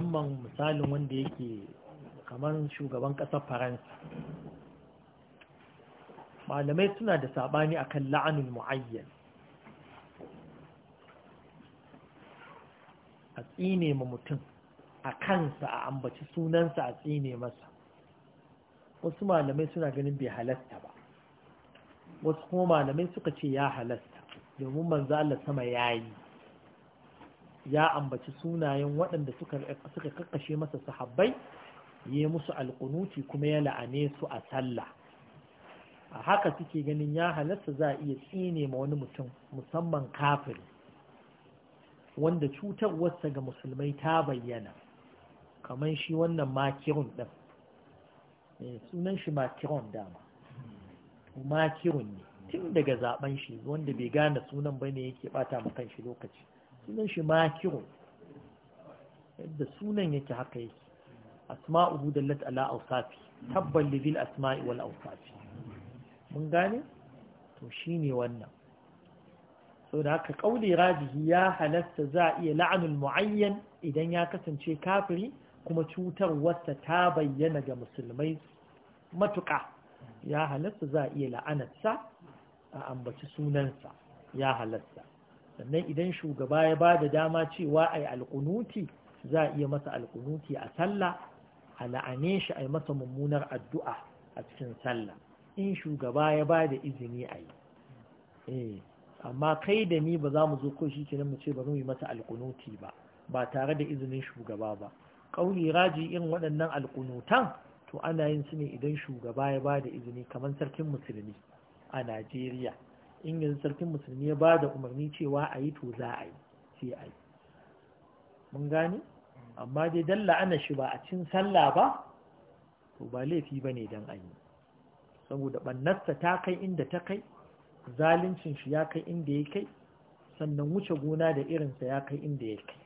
musamman misalin wanda yake kamar shugaban ƙasar faransa malamai suna da saɓani akan la'anin mu'ayyan a tsine ma mutum a kansa a ambaci sunansa a tsine masa wasu malamai suna ganin bai halasta ba wasu kuma malamai suka ce ya halasta domin manzo Allah sama yayi ya ambaci sunayen waɗanda suka kakkashe masa sahabbai ya musu alkunuci kuma ya la'ane su a sallah a haka suke ganin ya halatta za a iya tsine ma wani mutum musamman kafiri wanda cutar cutarwarsa ga musulmai ta bayyana kamar shi wannan makirun ɗin eh, sunan shi makirun dama makirun ne tun daga zaben shi wanda bai gane sunan ba ne yake bata makan shi lokaci sunan shi makiru yadda sunan yake haka yake Asma'u dallat ala awsafi tabban lidil asma'i wal awsafi mun gane to shine wannan so da haka kauli rajihi ya halasta za a iya la'anul mu'ayyan idan ya kasance kafiri kuma cutar cutarwarsa ta bayyana ga musulmai matuƙa ya halasta za a iya la'anarsa a ambaci sunansa ya halasta. sannan idan shugaba ya ba da dama cewa a yi alƙunuti za a iya masa alƙunuti a sallah a la'ane shi a yi masa mummunar addu'a a cikin sallah in shugaba ya ba da izini a yi eh, amma kai da ni ba za mu zo koshi shi kenan mu ce ba mu yi masa alƙunuti ba ba tare da izinin shugaba ba ƙauli raji in waɗannan alƙunutan to ana yin su ne idan shugaba ya ba da izini kamar sarkin musulmi a najeriya in yanzu sarkin musulmi ya ba da umarni cewa a yi to za a yi sai a yi mun gane amma dai dalla ana shi ba a cin sallah ba to ba laifi ba ne don ayi. saboda ɓannarsa ta kai inda ta kai zalincin shi ya kai inda ya kai sannan wuce gona da irinsa ya kai inda ya kai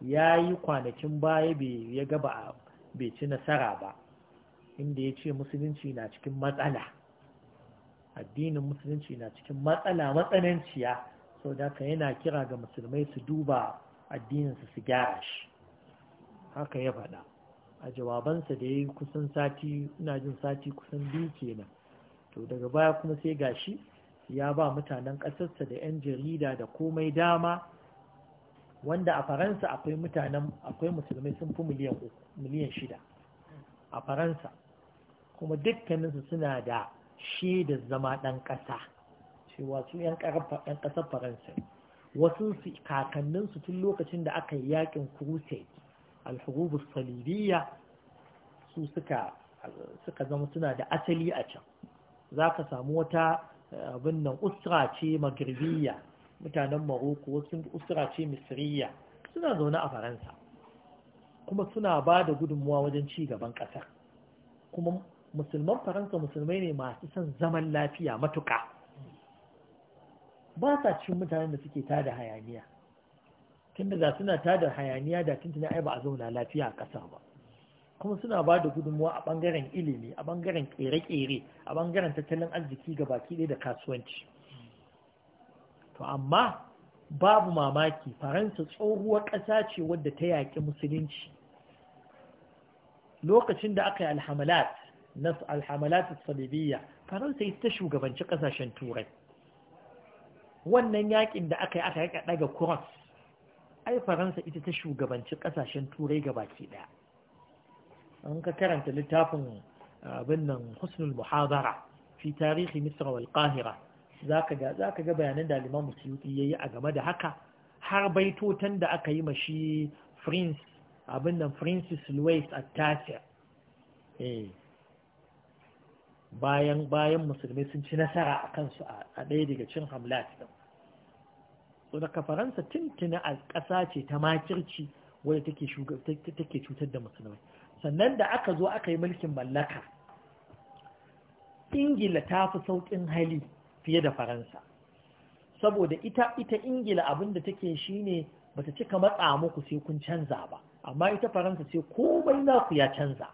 ya yi kwanakin baya bai ya gaba bai ci nasara ba inda ya ce musulunci na cikin matsala addinin musulunci na cikin matsala matsananciya sau da ka yana kira ga musulmai su duba addininsu su gyara shi haka ya faɗa a jawabansa da ya yi kusan sati ina jin sati kusan biyu kenan to daga baya kuma sai gashi ya ba mutanen ƙasarsa da 'yan jarida da komai dama wanda a faransa akwai mutanen akwai musulmai sun fi miliyan shida a faransa kuma dukkaninsu suna da da zama ɗan ƙasa cewa su ‘yan ƙasar faransa wasu kakanninsu tun lokacin da aka yi yakin crusade alhurubus salibiya su suka zama suna da asali a can za ka samu wata eh, abin nan usra ce magribiya mutanen maroko wasu usra ce misriya suna zaune a faransa kuma suna ba da gudunmuwa wajen ci gaban ƙasa kuma musulman faransa musulmai ne masu son zaman lafiya matuka ba sa cikin mutanen da suke tada hayaniya tunda da suna tada hayaniya da tuntuna ai ba a zauna lafiya a ƙasa ba kuma suna ba da gudunmuwa a ɓangaren ilimi a ɓangaren ƙere-ƙere a ɓangaren tattalin arziki ga baki ɗaya da kasuwanci to amma babu mamaki faransa tsohuwar ƙasa ce wadda ta yaƙi musulunci lokacin da aka yi alhamalat na alhamalat salibiyya faransa ita ta shugabanci kasashen turai wannan yakin da aka yi aka rika daga cross ai faransa ita ta shugabanci kasashen turai gabaki daya an ka karanta littafin abin nan husnul muhadara fi tarihi misra wal qahira zaka ga zaka ga bayanan da al-imam yayi a game da haka har baitotan da aka yi mashi prince abin nan Francis Louis Attacher eh bayan bayan musulmi sun ci nasara a kansu a ɗaya daga cin hamlat ɗin faransa tintina a ƙasa ce ta makirci wadda take cutar da musulmi. sannan da aka zo aka yi mulkin mallaka ingila ta fi sauƙin hali fiye da faransa saboda ita ita ingila da take shi shine bata cika matsa muku sai kun canza ba amma ita faransa sai komai naku ya canza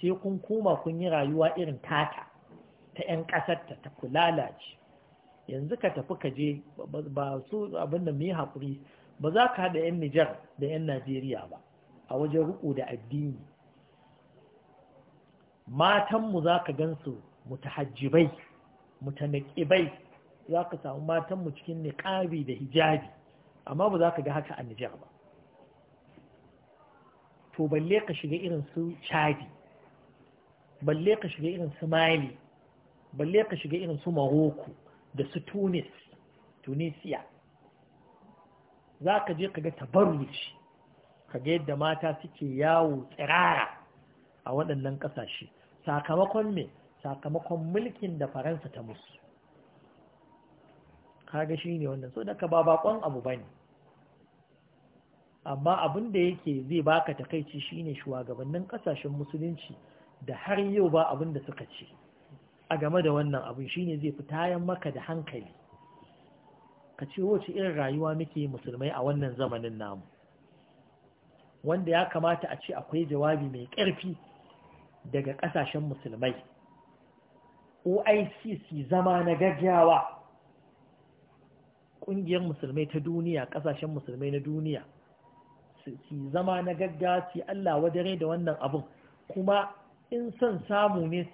sai kun koma kun yi rayuwa irin tata ta 'yan ƙasar ta ta kulalace yanzu ka tafi ka je ba su abin da mai haƙuri ba za ka haɗa 'yan Nijar da 'yan Najeriya ba a wajen riƙo da addini matanmu za ka gan gansu mutahajjibai mutanaƙibai za ka samu matanmu cikin niƙabi da hijabi amma ba za ka ga haka a Nijar ba to balle ka shiga irin su chadi balle ka shiga irin su mali balle ka shiga irin su maroko da su tunis tunisiya za ka je ka ga tabarruci ka ga yadda mata suke yawo tsirara a waɗannan ƙasashe sakamakon me sakamakon mulkin da faransa ta musu kaga shi ne wannan so daga ba bakon abu ba ne amma abin da yake zai baka takaici shine shugabannin ƙasashen musulunci da har yau ba abin da suka ce a game da wannan abin shine zai fi tayan maka da hankali ka ce wace irin rayuwa muke musulmai a wannan zamanin namu wanda ya kamata a ce akwai jawabi mai ƙarfi daga ƙasashen musulmai oicc zama na gaggawa ƙungiyar musulmai ta duniya ƙasashen musulmai na duniya su zama na gaggawa su Allah wadare da wannan abin kuma in son samu ne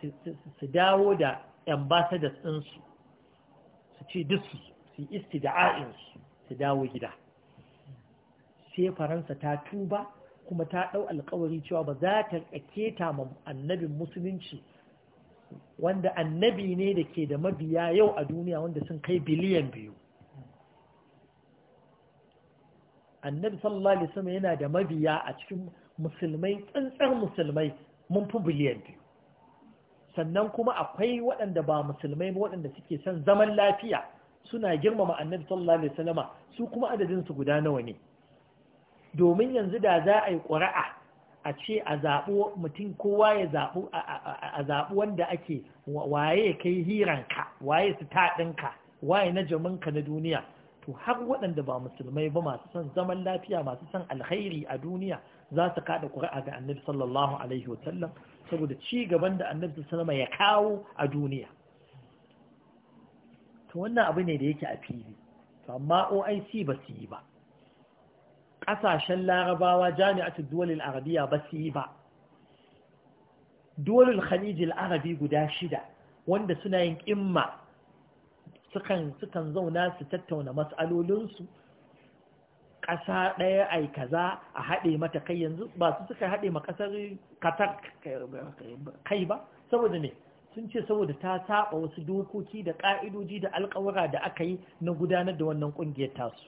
su dawo da ambassadors ɗinsu su ce duk su su a'insu su dawo gida sai faransa ta tuba kuma ta ɗau alkawari cewa ba za ta ta ma annabin musulunci wanda annabi ne da ke da mabiya yau a duniya wanda sun kai biliyan biyu annabi sallallahu alaihi wasallam yana da mabiya a cikin musulmai tsantsar musulmai mun fi biliyan sannan kuma akwai waɗanda ba musulmai ba waɗanda suke son zaman lafiya suna girmama annabi sallallahu alaihi wasallama su kuma adadin su guda nawa ne domin yanzu da za a yi ƙuri'a a ce a zaɓi mutum kowa ya zaɓi a zaɓi wanda ake waye kai hiranka waye su taɗinka waye na jaminka na duniya to har waɗanda ba musulmai ba masu son zaman lafiya masu son alkhairi a duniya za su kada ƙuri'a ga annabi sallallahu alaihi wasallam saboda ci gaban da annabi sallama ya kawo a duniya to wannan abu ne da yake a fili to amma OIC ba su yi ba ƙasashen larabawa jami'atul duwalil arabiya ba su yi ba duwalil khalijil arabi guda shida wanda suna yin imma sukan sukan zauna su tattauna matsalolinsu ƙasa ɗaya ai kaza a haɗe mata kai yanzu ba su suka haɗe ma ƙasar katar kai ba saboda ne sun ce saboda ta saba wasu dokoki da ƙa'idoji da alƙawara da aka yi na gudanar da wannan ƙungiyar tasu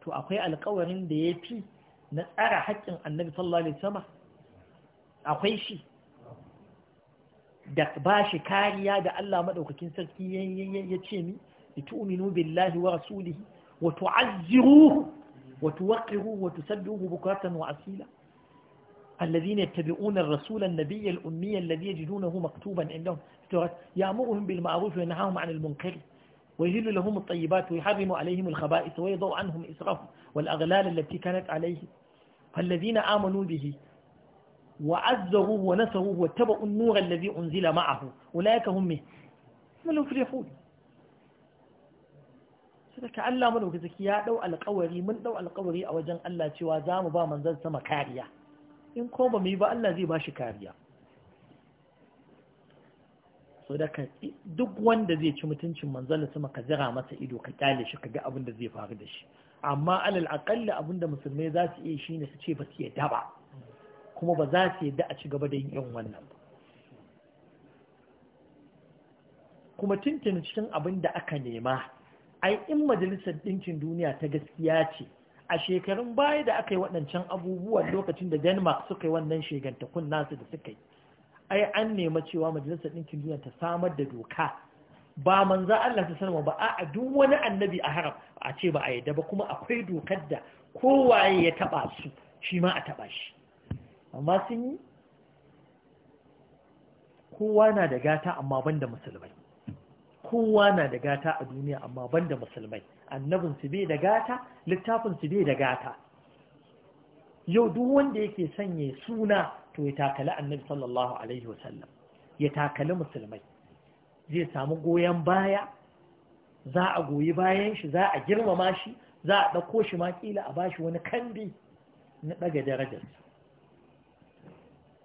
to akwai alƙawarin da ya fi na tsara haƙƙin annabi sallallahu alaihi wasallam akwai shi da ba shi kariya da Allah madaukakin sarki ya ce mi li tu'minu billahi wa rasulihi wa tu'azziruhu وتوقروه وتسدوه بكرة وعسيلة الذين يتبعون الرسول النبي الأمي الذي يجدونه مكتوبا عندهم يأمرهم بالمعروف وينهاهم عن المنكر ويهل لهم الطيبات ويحرم عليهم الخبائث ويضع عنهم إسرافهم والأغلال التي كانت عليهم فالذين آمنوا به وعزروه ونسروه واتبعوا النور الذي أنزل معه أولئك هم منه هم ka Allah mu dauki zaki ya dau alƙawari mun dau alƙawari a wajen Allah cewa za mu ba manzon sama kariya in ko ba mu yi ba Allah zai ba shi kariya so da ka duk wanda zai ci mutuncin manzon sama ka jira masa ido ka kyale shi ka ga abin da zai faru da shi amma alal aqalla abin da musulmai za su iya shine su ce ba su yadda ba kuma ba za su yadda a ci gaba da yin wannan ba kuma tuntuni cikin abin da aka nema ai in majalisar ɗinkin duniya ta gaskiya ce a shekarun baya da aka yi waɗancan abubuwan lokacin da denmark suka yi wannan shegantakun nasu da suka yi ai an nema cewa majalisar ɗinkin duniya ta samar da doka ba manza Allah ta sanarwa ba a duk wani annabi a haram a ce ba a yadda ba kuma akwai dokar da kowaye ya taba su shi ma a taba shi amma sun yi kowa na da gata amma ban da musulmai kowa na da gata a duniya amma banda musulmai annabin su bai da gata littafin su bai da gata yau duk wanda yake sanya suna to ya takali annabi sallallahu alaihi wasallam ya takali musulmai zai samu goyon baya za a goyi bayan shi za a girmama shi za a ɗauko shi ma kila a bashi wani kandi na ɗaga darajarsa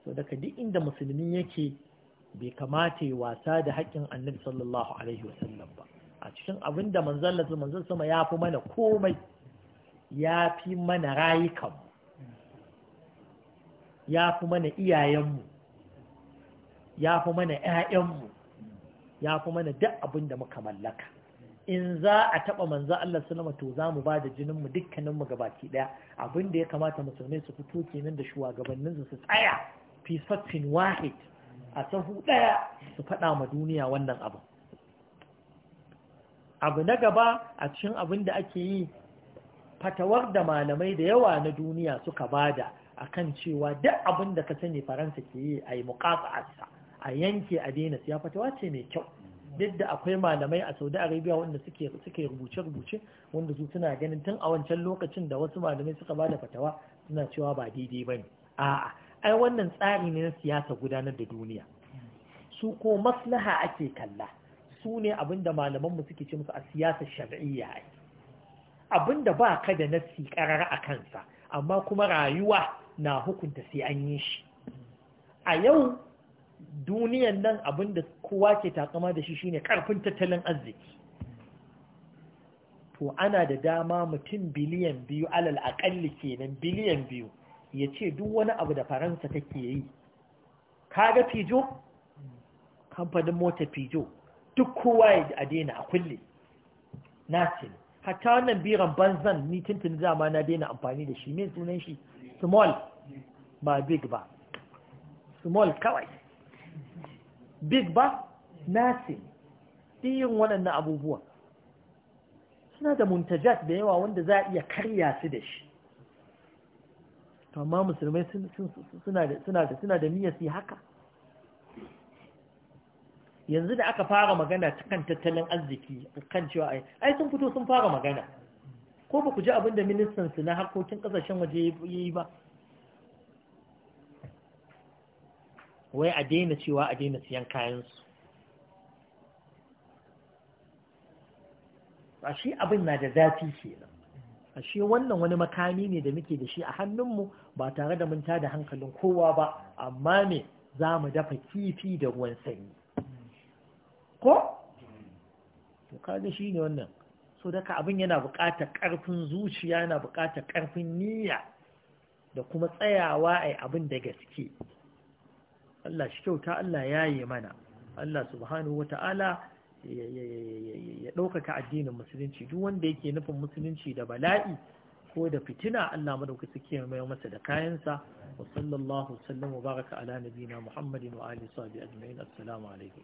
so daga duk inda musulmi yake bai kamata ya wasa da haƙƙin annabi sallallahu alaihi wasallam ba a cikin abin da manzon Allah manzon sama ya fi mana komai ya fi mana rayukan ya fi mana iyayenmu ya fi mana ƴaƴanmu ya fi mana duk abin da muka mallaka in za a taɓa manzo Allah sallama to za mu ba da jininmu dukkaninmu gabaki ɗaya abin da ya kamata musulmai su fito kenan da shugabanninsu su tsaya fi sattin wahid a sahu ɗaya su faɗa ma duniya wannan abu abu na gaba a cikin abin da ake yi fatawar da malamai da yawa na duniya suka bada akan cewa duk abin da ka sani faransa ke yi a yi muƙasa a yanke a daina siya fatawa ce mai kyau duk da akwai malamai a saudi arabia wanda suke suke rubuce-rubuce wanda su suna ganin tun a wancan lokacin da wasu malamai suka ba da fatawa suna cewa ba daidai ba ne a'a ai wannan tsari ne na siyasa gudanar da duniya su ko maslaha ake kalla su ne abinda malamanmu suke ce musu a siyasa shar'iyya abinda ba ka da nassi karar a kansa amma kuma rayuwa na hukunta sai an yi shi a yau duniyan nan abinda kowa ke takama da shi shine karfin tattalin arziki to ana da dama mutum biliyan biyu alal aƙalli kenan biliyan biyu ya ce duk wani abu da faransa take yi kaga fijo kamfanin mota fijo duk kowa ya a daina a kulle na hatta wannan biran banzan ni tuntun zama na daina amfani da shi mai sunan shi small ba big ba small kawai big ba na ce wannan waɗannan abubuwa suna da muntajat da yawa wanda za a iya karya su da shi to amma musulmai suna da niyyar su haka yanzu da aka fara magana kan tattalin arziki kan cewa ai ai sun fito sun fara magana ko ba ku ji abin da ministan su na harkokin kasashen waje ya yi ba wai a daina cewa a daina siyan kayansu a shi abin na da zafi kenan ashe wannan wani makami ne da muke da shi a hannunmu ba tare da mun tada hankalin kowa ba amma me za mu dafa kifi da ruwan sanyi ko? to shi ne wannan so daga abin yana buƙatar ƙarfin zuciya yana buƙatar ƙarfin niyya da kuma tsayawa a abin da gaske Allah shi kyauta Allah ya yi mana Allah subhanahu wa ta'ala ya ɗaukaka addinin musulunci duk wanda yake nufin musulunci da bala'i ko da fitina Allah madauki ke mai masa da kayansa wa sallallahu sallam wa baraka ala nabina muhammadin wa alihi wa sahbihi ajma'in assalamu alaikum